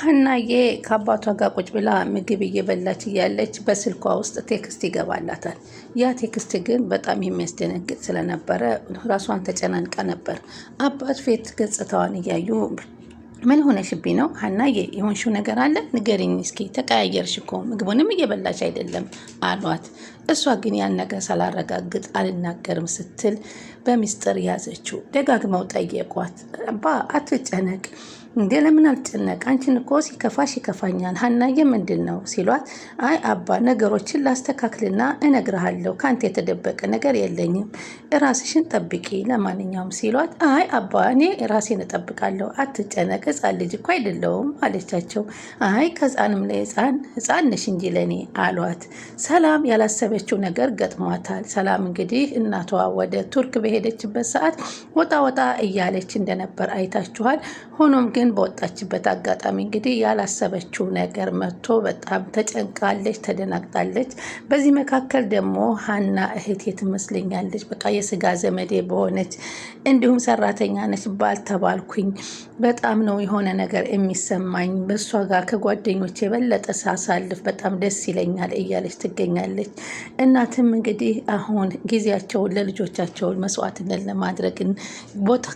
ሀናዬ ከአባቷ ጋር ቁጭ ብላ ምግብ እየበላች እያለች በስልኳ ውስጥ ቴክስት ይገባላታል። ያ ቴክስት ግን በጣም የሚያስደነግጥ ስለነበረ ራሷን ተጨናንቃ ነበር። አባት ፊት ገጽታዋን እያዩ ምን ሆነሽብኝ ነው ሀናዬ? የሆንሽው ነገር አለ ንገሪኝ እስኪ፣ ተቀያየርሽ እኮ ምግቡንም እየበላች አይደለም አሏት። እሷ ግን ያን ነገር ሳላረጋግጥ አልናገርም ስትል በሚስጥር ያዘችው። ደጋግመው ጠየቋት። አባ አትጨነቅ እንዴ ለምን አልጨነቅ? አንቺን እኮ ሲከፋሽ ይከፋኛል። ሀናዬ ምንድን ነው ሲሏት፣ አይ አባ ነገሮችን ላስተካክልና እነግርሃለሁ። ከአንተ የተደበቀ ነገር የለኝም። ራስሽን ጠብቂ ለማንኛውም ሲሏት፣ አይ አባ እኔ ራሴን እጠብቃለሁ። አትጨነቅ፣ ህፃን ልጅ እኮ አይደለውም አለቻቸው። አይ ከህፃንም ለህፃን ህፃን ነሽ እንጂ ለእኔ አሏት። ሰላም ያላሰበ ያለችው ነገር ገጥሟታል። ሰላም እንግዲህ እናቷ ወደ ቱርክ በሄደችበት ሰዓት ወጣ ወጣ እያለች እንደነበር አይታችኋል። ሆኖም ግን በወጣችበት አጋጣሚ እንግዲህ ያላሰበችው ነገር መጥቶ በጣም ተጨንቃለች፣ ተደናግጣለች። በዚህ መካከል ደግሞ ሀና እህቴ ትመስለኛለች፣ በቃ የስጋ ዘመዴ በሆነች እንዲሁም ሰራተኛ ነች ባልተባልኩኝ በጣም ነው የሆነ ነገር የሚሰማኝ በእሷ ጋር ከጓደኞች የበለጠ ሳሳልፍ በጣም ደስ ይለኛል እያለች ትገኛለች። እናትም እንግዲህ አሁን ጊዜያቸውን ለልጆቻቸውን መስዋዕትነት ለማድረግ ቦታ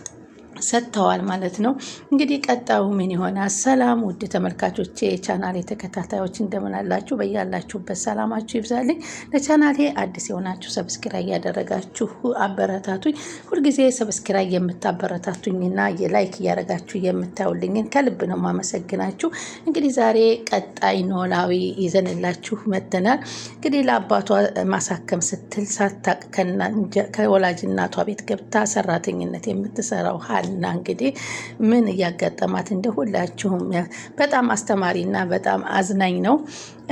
ሰጥተዋል ማለት ነው። እንግዲህ ቀጣዩ ምን ይሆናል? ሰላም ውድ ተመልካቾቼ፣ የቻናል ተከታታዮች እንደምን አላችሁ? በያላችሁበት ሰላማችሁ ይብዛልኝ። ለቻናሌ አዲስ የሆናችሁ ሰብስክራይ እያደረጋችሁ አበረታቱኝ። ሁልጊዜ ሰብስክራ የምታበረታቱኝና የላይክ እያደረጋችሁ የምታዩልኝን ከልብ ነው ማመሰግናችሁ። እንግዲህ ዛሬ ቀጣይ ኖላዊ ይዘንላችሁ መጥተናል። እንግዲህ ለአባቷ ማሳከም ስትል ሳታቅ ከወላጅ እናቷ ቤት ገብታ ሰራተኝነት የምትሰራው ሀል ሀና እንግዲህ ምን እያጋጠማት እንደ ሁላችሁም በጣም አስተማሪና በጣም አዝናኝ ነው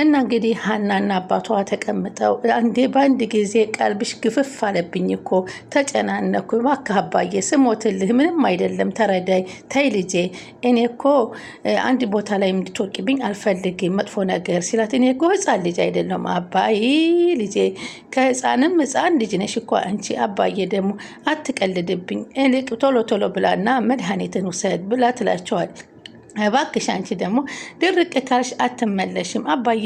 እና እንግዲህ ሀናና አባቷ ተቀምጠው እንዴ በአንድ ጊዜ ቀልብሽ ግፍፍ አለብኝ እኮ ተጨናነኩ፣ እባክህ አባዬ ስሞትልህ፣ ምንም አይደለም ተረዳይ፣ ተይ ልጄ፣ እኔ እኮ አንድ ቦታ ላይ እንድትወርቅብኝ አልፈልግም መጥፎ ነገር ሲላት፣ እኔ እኮ ህፃን ልጅ አይደለም አባይ ልጄ፣ ከህፃንም ህፃን ልጅ ነሽ እኮ አንቺ። አባዬ ደግሞ አትቀልድብኝ፣ ቶሎ ቶሎ ብላ ና መድኃኒትን ውሰድ ብላ ትላቸዋል። እባክሽ አንቺ ደግሞ ድርቅ ካልሽ አትመለሽም፣ አባዬ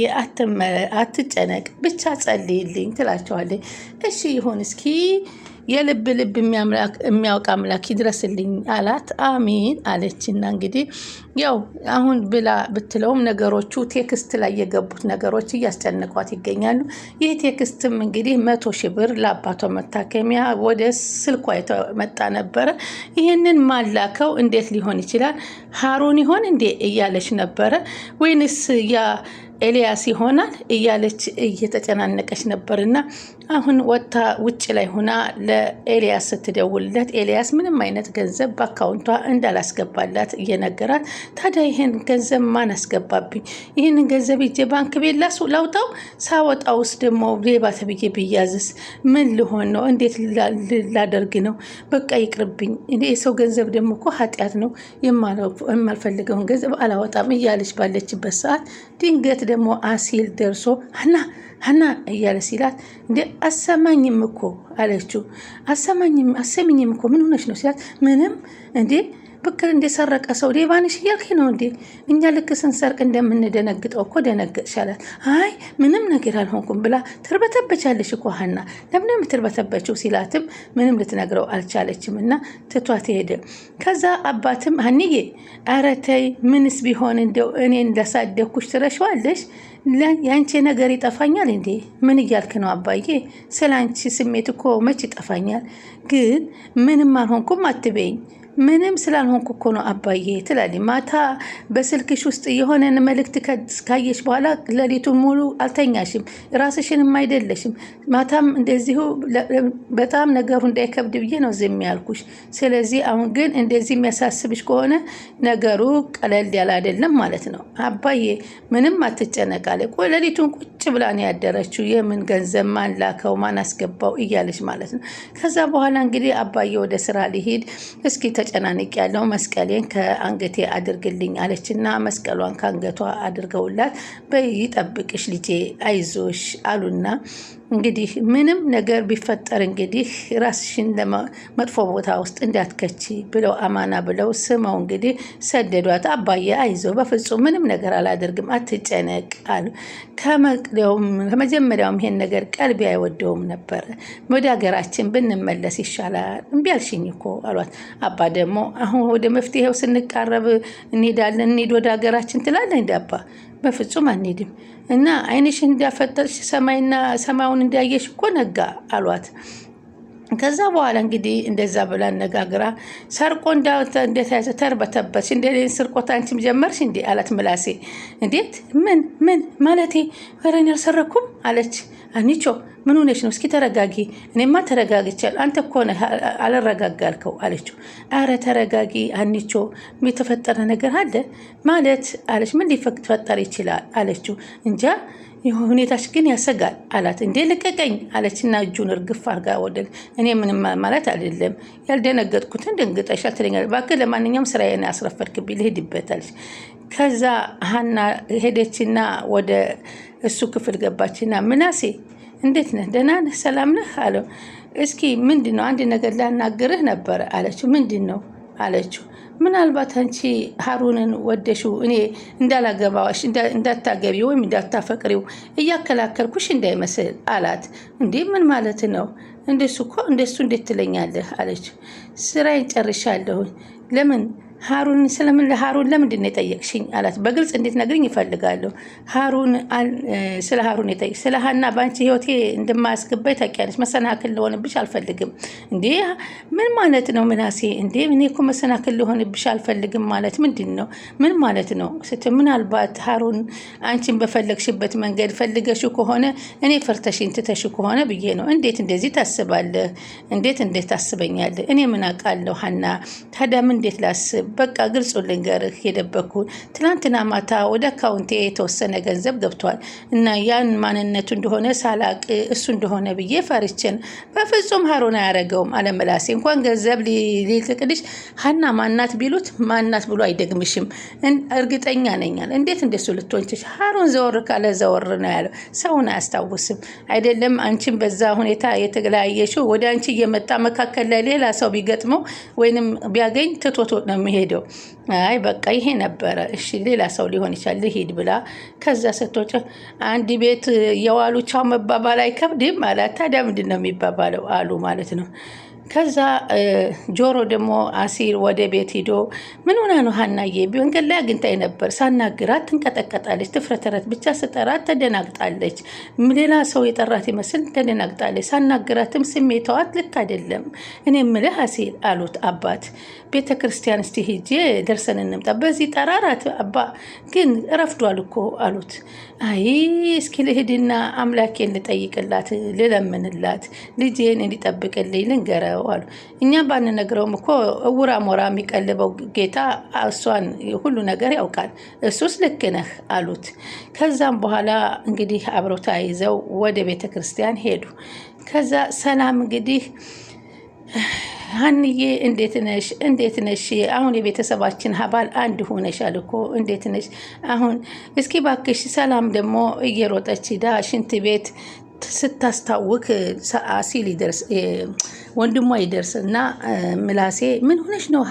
አትጨነቅ፣ ብቻ ጸልይልኝ ትላቸዋለኝ። እሺ ይሁን እስኪ የልብ ልብ የሚያውቅ አምላክ ይድረስልኝ አላት። አሚን አለችና እንግዲህ ያው አሁን ብላ ብትለውም ነገሮቹ ቴክስት ላይ የገቡት ነገሮች እያስጨንቋት ይገኛሉ። ይህ ቴክስትም እንግዲህ መቶ ሺ ብር ለአባቷ መታከሚያ ወደ ስልኳ የተመጣ ነበረ። ይህንን ማላከው እንዴት ሊሆን ይችላል? ሀሩን ይሆን እንዴ እያለች ነበረ ወይንስ ያ ኤልያስ ይሆናል እያለች እየተጨናነቀች ነበርና አሁን ወጥታ ውጭ ላይ ሆና ለኤልያስ ስትደውልለት ኤልያስ ምንም አይነት ገንዘብ በአካውንቷ እንዳላስገባላት እየነገራት፣ ታዲያ ይህን ገንዘብ ማን አስገባብኝ? ይህንን ገንዘብ ይዤ ባንክ ቤላስ ላውጣው? ሳወጣውስ ደግሞ ሌባ ተብዬ ብያዝስ ምን ልሆን ነው? እንዴት ላደርግ ነው? በቃ ይቅርብኝ። የሰው ገንዘብ ደግሞ እኮ ኃጢአት ነው። የማልፈልገውን ገንዘብ አላወጣም እያለች ባለችበት ሰዓት ድንገት ደግሞ አሲል ደርሶ አና ሀና እያለ ሲላት እንደ አሰማኝም እኮ አለችው። አሰማኝም አሰሚኝም እኮ ምን ሆነች ነው ሲላት ምንም እንዴ ብክር እንደሰረቀ ሰው ሌባንሽ እያልክ ነው እንዴ? እኛ ልክ ስንሰርቅ እንደምንደነግጠው እኮ ደነገጥሻላት። አይ ምንም ነገር አልሆንኩም ብላ ትርበተበቻለሽ እኮ ሀና። ለምን የምትርበተበችው ሲላትም ምንም ልትነግረው አልቻለችም እና ትቷት ሄደ። ከዛ አባትም ሀኒዬ ኧረ ተይ ምንስ ቢሆን እንደው እኔ እንዳሳደግኩሽ ትረሻዋለሽ የአንቺ ነገር ይጠፋኛል እንዴ? ምን እያልክ ነው አባዬ? ስለ አንቺ ስሜት እኮ መች ይጠፋኛል። ግን ምንም አልሆንኩም አትበኝ ምንም ስላልሆንኩ እኮ ነው አባዬ ትላለች። ማታ በስልክሽ ውስጥ የሆነን መልእክት ካየሽ በኋላ ሌሊቱን ሙሉ አልተኛሽም፣ ራስሽንም አይደለሽም። ማታም እንደዚሁ በጣም ነገሩ እንዳይከብድ ብዬ ነው ዝም ያልኩሽ። ስለዚህ አሁን ግን እንደዚህ የሚያሳስብሽ ከሆነ ነገሩ ቀለል ያለ አይደለም ማለት ነው። አባዬ ምንም አትጨነቃለ። ሌሊቱን ቁጭ ብላን ያደረችው። የምን ገንዘብ ማን ላከው ማን አስገባው እያለች ማለት ነው። ከዛ በኋላ እንግዲህ አባዬ ወደ ስራ ሊሄድ እስኪ ተጨናንቅ ያለው መስቀሌን ከአንገቴ አድርግልኝ አለችና መስቀሏን ከአንገቷ አድርገውላት በይ ልጄ አይዞሽ አሉና እንግዲህ ምንም ነገር ቢፈጠር እንግዲህ ራስሽን መጥፎ ቦታ ውስጥ እንዳትከቺ ብለው አማና ብለው ስመው እንግዲህ ሰደዷት። አባዬ አይዞ፣ በፍጹም ምንም ነገር አላደርግም፣ አትጨነቅ አሉ። ከመጀመሪያውም ይሄን ነገር ቀልቢ አይወደውም ነበረ። ወደ ሀገራችን ብንመለስ ይሻላል፣ እምቢ አልሽኝ እኮ አሏት። አባ ደግሞ አሁን ወደ መፍትሄው ስንቃረብ እንሄዳለን፣ እንሂድ ወደ ሀገራችን ትላለህ እንደ አባ በፍጹም አንሄድም እና አይንሽን እንዳፈጠርሽ ሰማይና ሰማዩን እንዳየሽ እኮ ነጋ አሏት። ከዛ በኋላ እንግዲህ እንደዛ ብላ አነጋግራ ሰርቆ እንደተያዘ ተርበተበች። እንደ ስርቆት አንቺም ጀመርሽ እንዲ አላት ምላሴ። እንዴት ምን ምን ማለቴ ፈረን ያልሰረኩም አለች አኒቾ። ምን ሆነች ነው? እስኪ ተረጋጊ። እኔማ ተረጋግቻል። አንተ እኮ ነህ አልረጋጋልከው አለችው። አረ ተረጋጊ አኒቾ፣ የተፈጠረ ነገር አለ ማለት አለች። ምን ሊፈጠር ይችላል አለችው። እንጃ ሁኔታች ግን ያሰጋል አላት። እንዴ ልቀቀኝ አለችና እጁን እርግፍ አርጋ ወደል። እኔ ምንም ማለት አይደለም ያልደነገጥኩትን ደንግጠሻል ትለኛለች። እባክህ ለማንኛውም ስራዬን አስረፈድክብኝ ልሄድበት አለች። ከዛ ሀና ሄደችና ወደ እሱ ክፍል ገባችና ምናሴ እንዴት ነህ? ደህና ነህ? ሰላም ነህ? አለው። እስኪ ምንድን ነው አንድ ነገር ላናግርህ ነበረ አለችው። ምንድን ነው አለችው። ምናልባት አንቺ ሀሩንን ወደሽው እኔ እንዳላገባዋሽ እንዳታገቢ ወይም እንዳታፈቅሪው እያከላከልኩሽ እንዳይመስል አላት። እንዴ ምን ማለት ነው? እንደሱ እኮ እንደሱ እንዴት ትለኛለህ? አለች። ስራዬን ጨርሻለሁኝ። ለምን ሀሩን ስለምን ሀሩን ለምንድን ነው የጠየቅሽኝ አላት። በግልጽ እንዴት ነግርኝ ይፈልጋለሁ። ሀሩን ስለ ሀሩን የጠየቅሽ ስለ ሀና በአንቺ ህይወቴ እንደማያስገባኝ ታውቂያለሽ። መሰናክል ልሆንብሽ አልፈልግም። እንዴ ምን ማለት ነው ምናሴ? እንዴ እኔ እኮ መሰናክል ልሆንብሽ አልፈልግም ማለት ምንድን ነው? ምን ማለት ነው ስት ምናልባት ሀሩን አንቺን በፈለግሽበት መንገድ ፈልገሽ ከሆነ እኔ ፈርተሽኝ ትተሽ ከሆነ ብዬ ነው። እንዴት እንደዚህ ታስባለህ? እንዴት እንዴት ታስበኛለህ? እኔ ምን አውቃለሁ ሀና። ታዲያም እንዴት ላስብ በቃ ግልጹን ልንገርህ የደበኩን ትናንትና ማታ ወደ አካውንቴ የተወሰነ ገንዘብ ገብቷል እና ያን ማንነቱ እንደሆነ ሳላቅ እሱ እንደሆነ ብዬ ፈርችን። በፍጹም ሀሩን አያደርገውም አለመላሴ። እንኳን ገንዘብ ሊልቅልሽ ሀና ማናት ቢሉት ማናት ብሎ አይደግምሽም። እርግጠኛ ነኛል። እንዴት እንደሱ ልትወንችሽ? ሀሩን ዘወር ካለ ዘወር ነው ያለው። ሰውን አያስታውስም አይደለም። አንቺን በዛ ሁኔታ የተለያየሽው ወደ አንቺ እየመጣ መካከል ላይ ሌላ ሰው ቢገጥመው ወይንም ቢያገኝ ትቶት ነው የሚሄድ ቪዲዮ አይ በቃ ይሄ ነበረ። እሺ ሌላ ሰው ሊሆን ይችላል ልሂድ ብላ ከዛ ስትወጪ አንድ ቤት የዋሉ ቻው መባባል አይከብድም አላት። ታዲያ ምንድን ነው የሚባባለው አሉ ማለት ነው። ከዛ ጆሮ ደግሞ አሲር ወደ ቤት ሂዶ ምን ሆና ነው ሀናዬ? መንገድ ላይ አግኝታኝ ነበር። ሳናግራት ትንቀጠቀጣለች፣ ትፍረተረት። ብቻ ስጠራት ተደናግጣለች። ሌላ ሰው የጠራት ይመስል ተደናግጣለች። ሳናግራትም ስሜተዋት ልክ አይደለም። እኔ ምልህ አሲር አሉት አባት። ቤተ ክርስቲያን እስቲ ሂጄ ደርሰን እንምጣ። በዚህ ጠራራት አባ፣ ግን ረፍዷል እኮ አሉት። አይ እስኪ ልሂድና አምላኬን ልጠይቅላት ልለምንላት ልጄን እንዲጠብቅልኝ ልንገረው አሉ። እኛ ባንነግረውም እኮ እውራ ሞራ የሚቀልበው ጌታ እሷን ሁሉ ነገር ያውቃል፣ እሱስ ልክ ነህ አሉት። ከዛም በኋላ እንግዲህ አብረው ተያይዘው ወደ ቤተ ክርስቲያን ሄዱ። ከዛ ሰላም እንግዲህ ሀንዬ እንዴት ነሽ? እንዴት ነሽ? አሁን የቤተሰባችን አባል አንድ ሆነሻል እኮ እንዴት ነሽ? አሁን እስኪ ባክሽ ሰላም ደግሞ እየሮጠች ሂዳ ሽንት ቤት ስታስታውክ ሰዓሲ ሊደርስ ወንድሟ ይደርስ እና ምላሴ ምን ሆነሽ ነው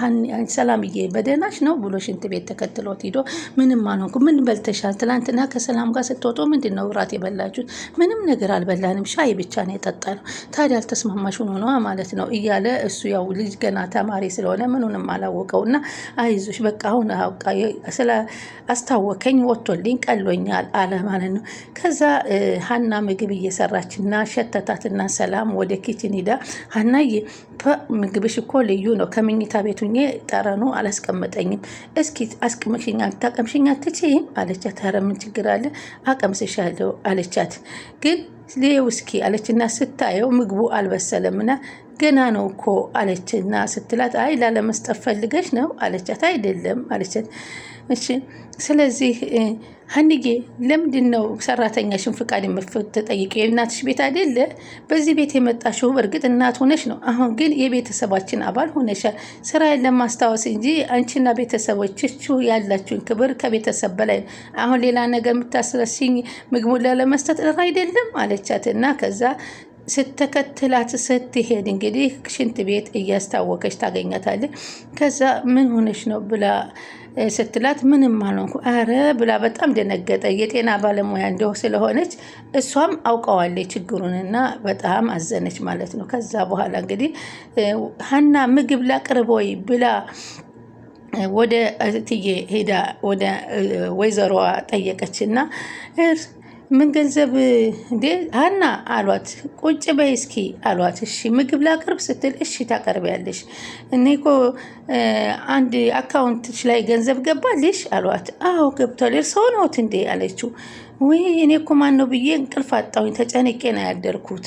ሰላምዬ በደህናሽ ነው ብሎ ሽንት ቤት ተከትሎት ሂዶ ምንም አልሆንኩም ምን በልተሻል ትላንትና ከሰላም ጋር ስትወጡ ምንድን ነው እራት የበላችሁት ምንም ነገር አልበላንም ሻይ ብቻ ነው የጠጣነው ታዲያ አልተስማማሽ ሆኖ ማለት ነው እያለ እሱ ያው ልጅ ገና ተማሪ ስለሆነ ምኑንም አላወቀው እና አይዞሽ በቃ አሁን ስለ አስታወከኝ ወቶልኝ ቀሎኛል አለ ማለት ነው ከዛ ሀና ምግብ እየሰራ ሰራች ሰራችና ሸተታትና ሰላም ወደ ኪችን ሂዳ ሀናዬ ምግብሽ እኮ ልዩ ነው። ከምኝታ ቤቱኜ ጠረኑ አላስቀመጠኝም። እስኪ አስቅምሽኛ ታቀምሽኛ ትችይም አለቻት። ኧረ ምን ችግር አለ አቀምስሻለሁ አለቻት። ግን ልየው እስኪ አለችና ስታየው ምግቡ አልበሰለምና ገና ነው እኮ አለችና ስትላት፣ አይ ላለመስጠት ፈልገች ነው አለቻት። አይደለም አለቻት። እሺ ስለዚህ ሀንጌ ለምንድን ነው ሰራተኛሽን ፍቃድ የምትጠይቅ? የእናትሽ ቤት አይደለ? በዚህ ቤት የመጣሽው በእርግጥ እናት ሆነሽ ነው። አሁን ግን የቤተሰባችን አባል ሆነሻል። ስራዬን ለማስታወስ እንጂ አንቺና ቤተሰቦችች ያላችሁን ክብር ከቤተሰብ በላይ አሁን ሌላ ነገር የምታስረሽኝ ምግቡን ላለመስጠት አይደለም አለቻት እና ከዛ ስተከትላት ስትሄድ እንግዲህ ሽንት ቤት እያስታወቀች ታገኛታለች። ከዛ ምን ሆነች ነው ብላ ስትላት ምንም አልሆንኩም አረ ብላ በጣም ደነገጠ። የጤና ባለሙያ እንዲሁ ስለሆነች እሷም አውቀዋለች ችግሩንና በጣም አዘነች ማለት ነው። ከዛ በኋላ እንግዲህ ሀና ምግብ ላቅርብ ወይ ብላ ወደ እትዬ ሄዳ ወደ ወይዘሮዋ ጠየቀችና ምን ገንዘብ እንዴ ሀና አሏት። ቁጭ በይ እስኪ አሏት። እሺ ምግብ ላቅርብ ስትል እሺ ታቀርቢያለሽ። እኔ እኮ አንድ አካውንትሽ ላይ ገንዘብ ገባልሽ አሏት። አዎ ገብቷል። እርስዎ ነዎት እንዴ አለችው። ወይ እኔ እኮ ማን ነው ብዬ እንቅልፍ አጣሁኝ፣ ተጨንቄ ነው ያደርኩት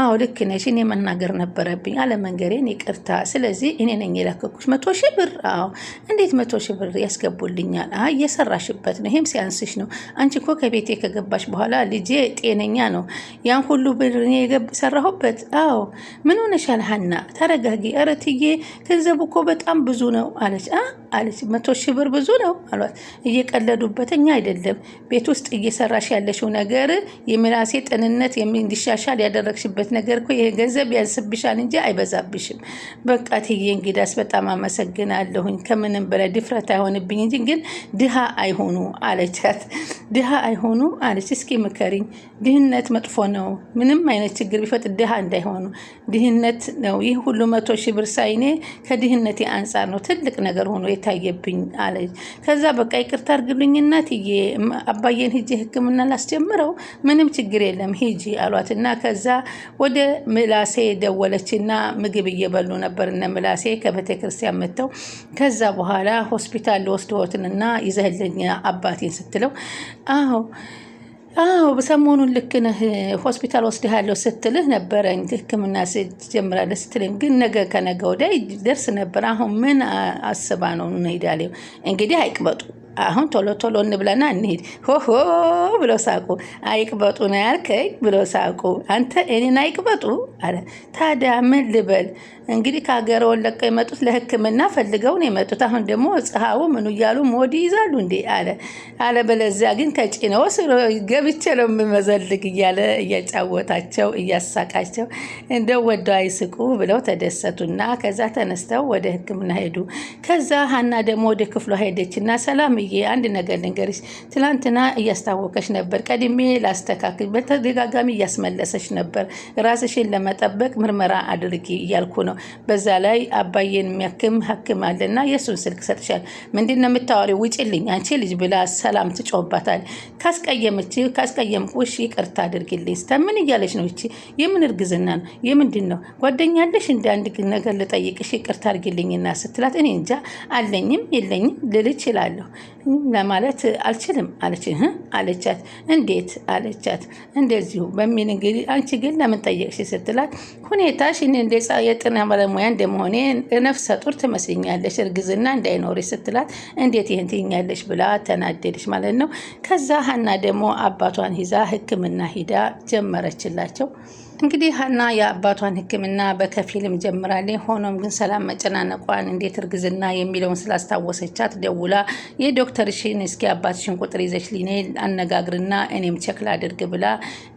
አዎ ልክ ነሽ፣ እኔ መናገር ነበረብኝ አለመንገሬን ይቅርታ። ስለዚህ እኔ ነኝ የላከኩሽ መቶ ሺ ብር። አዎ እንዴት መቶ ሺ ብር ያስገቡልኛል? አይ እየሰራሽበት ነው፣ ይሄም ሲያንስሽ ነው። አንቺ እኮ ከቤቴ ከገባሽ በኋላ ልጄ ጤነኛ ነው፣ ያን ሁሉ ብር እኔ የሰራሁበት? አዎ ምን ሆነሻል ሀና? ተረጋጊ። ኧረ ትዬ ገንዘቡ እኮ በጣም ብዙ ነው አለች። አለች። መቶ ሺህ ብር ብዙ ነው አሏት። እኛ አይደለም ቤት ውስጥ እየሰራሽ ያለሽው ነገር የምላሴ ጤንነት እንዲሻሻል ያደረግሽበት ነገር እኮ ይሄ ገንዘብ ያንስብሻል እንጂ አይበዛብሽም። በቃ ትዬ እንግዳስ በጣም አመሰግናለሁኝ። ከምንም በላይ ድፍረት አይሆንብኝ እንጂ ግን ድሃ አይሆኑ አለቻት። ድሃ አይሆኑ አለች። እስኪ ምከሪኝ። ድህነት መጥፎ ነው። ምንም አይነት ችግር ቢፈጥ ድሃ እንዳይሆኑ ድህነት ነው። ይህ ሁሉ መቶ ሺህ ብር ሳይኔ ከድህነቴ አንጻር ነው ትልቅ ነገር ሆኖ የታየብኝ አለች። ከዛ በቃ ይቅርታ አድርግልኝ እናትዬ፣ አባዬን ሂጂ ህክምና ላስጀምረው ምንም ችግር የለም ሂጂ አሏት እና ከዛ ወደ ምላሴ ደወለች እና ምግብ እየበሉ ነበር እነ ምላሴ ከቤተ ክርስቲያን መጥተው ከዛ በኋላ ሆስፒታል ወስደዎትን እና ይዘህልኝ አባቴን ስትለው አዎ አዎ ሰሞኑን ልክ ነህ ሆስፒታል ወስድሃለሁ ስትልህ ነበረኝ። ሕክምና ጀምራለ ስትለኝ ግን ነገ ከነገ ወዲያ ደርስ ነበር። አሁን ምን አስባ ነው እንሄዳለን? እንግዲህ አይቅበጡ። አሁን ቶሎ ቶሎ እንብለና እንሄድ። ሆሆ ብሎ ሳቁ። አይቅበጡ ነው ያልከኝ ብሎ ሳቁ። አንተ እኔን አይቅበጡ አለ። ታዲያ ምን ልበል? እንግዲህ ከሀገር ወለቀ የመጡት ለሕክምና ፈልገው ነው የመጡት። አሁን ደግሞ ፀሐው ምኑ እያሉ ሞዲ ይዛሉ እንዴ አለ አለ። በለዚያ ግን ከጭነው ስሮ ገብቼ ነው የምመዘልግ እያለ እያጫወታቸው እያሳቃቸው እንደው ወደ አይስቁ ብለው ተደሰቱና ከዛ ተነስተው ወደ ሕክምና ሄዱ። ከዛ ሀና ደግሞ ወደ ክፍሏ ሄደች ሄደችና ሰላምዬ አንድ ነገር ልንገርሽ፣ ትላንትና እያስታወቀች ነበር፣ ቀድሜ ላስተካክል፣ በተደጋጋሚ እያስመለሰች ነበር። ራስሽን ለመጠበቅ ምርመራ አድርጊ እያልኩ ነው ነው። በዛ ላይ አባዬን የሚያክም ሐኪም አለና የእሱን ስልክ ሰጥሻል። ምንድን ነው የምታወሪው? ውጭልኝ አንቺ ልጅ ብላ ሰላም ትጮባታል። ካስቀየምች ካስቀየምኩሽ ይቅርታ አድርግልኝ። ስተምን እያለች ነው? ይቺ የምን እርግዝና ነው? የምንድን ነው? ጓደኛለሽ እንደ አንድ ነገር ልጠይቅሽ ይቅርታ አድርግልኝና ስትላት እኔ እንጃ አለኝም የለኝም ልል እችላለሁ ለማለት አልችልም አለች አለቻት። እንዴት አለቻት። እንደዚሁ በሚል እንግዲህ አንቺ ግን ለምን ጠየቅሽ ስትላት ሁኔታሽ እኔ እንደ የጥና ባለሙያ እንደመሆኔ ነፍሰ ጡር ትመስልኛለች፣ እርግዝና እንዳይኖርሽ ስትላት እንዴት ይህን ትይኛለሽ ብላ ተናደደች ማለት ነው። ከዛ ሀና ደግሞ አባቷን ይዛ ሕክምና ሂዳ ጀመረችላቸው። እንግዲህ ሀና የአባቷን ሕክምና በከፊልም ጀምራለች። ሆኖም ግን ሰላም መጨናነቋን እንዴት እርግዝና የሚለውን ስላስታወሰቻት ደውላ የዶክተርሽን እስኪ አባትሽን ቁጥር ይዘች ሊኔ አነጋግርና እኔም ቼክ ላድርግ ብላ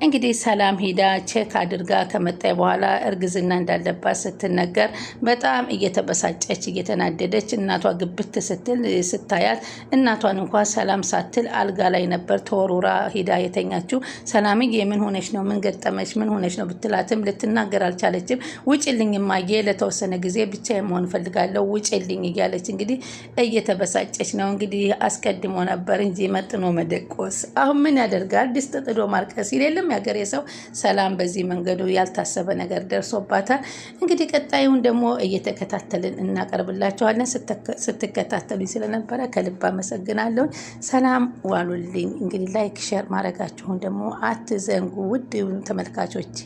እንግዲህ ሰላም ሂዳ ቼክ አድርጋ ከመጣይ በኋላ እርግዝና እንዳለባት ስትነገር በጣም እየተበሳጨች እየተናደደች እናቷ ግብት ስትል ስታያት እናቷን እንኳን ሰላም ሳትል አልጋ ላይ ነበር ተወሩራ ሂዳ የተኛችው። ሰላም ምን ሆነች ነው ምን ገጠመች ምን ሆነች ነው ብትላትም ልትናገር አልቻለችም። ውጭልኝ እማዬ ለተወሰነ ጊዜ ብቻ መሆን እፈልጋለሁ ውጭልኝ እያለች እንግዲህ እየተበሳጨች ነው። እንግዲህ አስቀድሞ ነበር እንጂ መጥኖ መደቆስ አሁን ምን ያደርጋል? ድስት ጥዶ ማርቀስ ይሌለም ያገሬ ሰው። ሰላም በዚህ መንገዱ ያልታሰበ ነገር ደርሶባታል። እንግዲህ ቀጣዩን ደግሞ እየተከታተልን እናቀርብላችኋለን። ስትከታተሉኝ ስለነበረ ከልብ አመሰግናለሁ። ሰላም ዋሉልኝ። እንግዲህ ላይክ ሸር ማድረጋችሁን ደግሞ አትዘንጉ ውድ ተመልካቾች።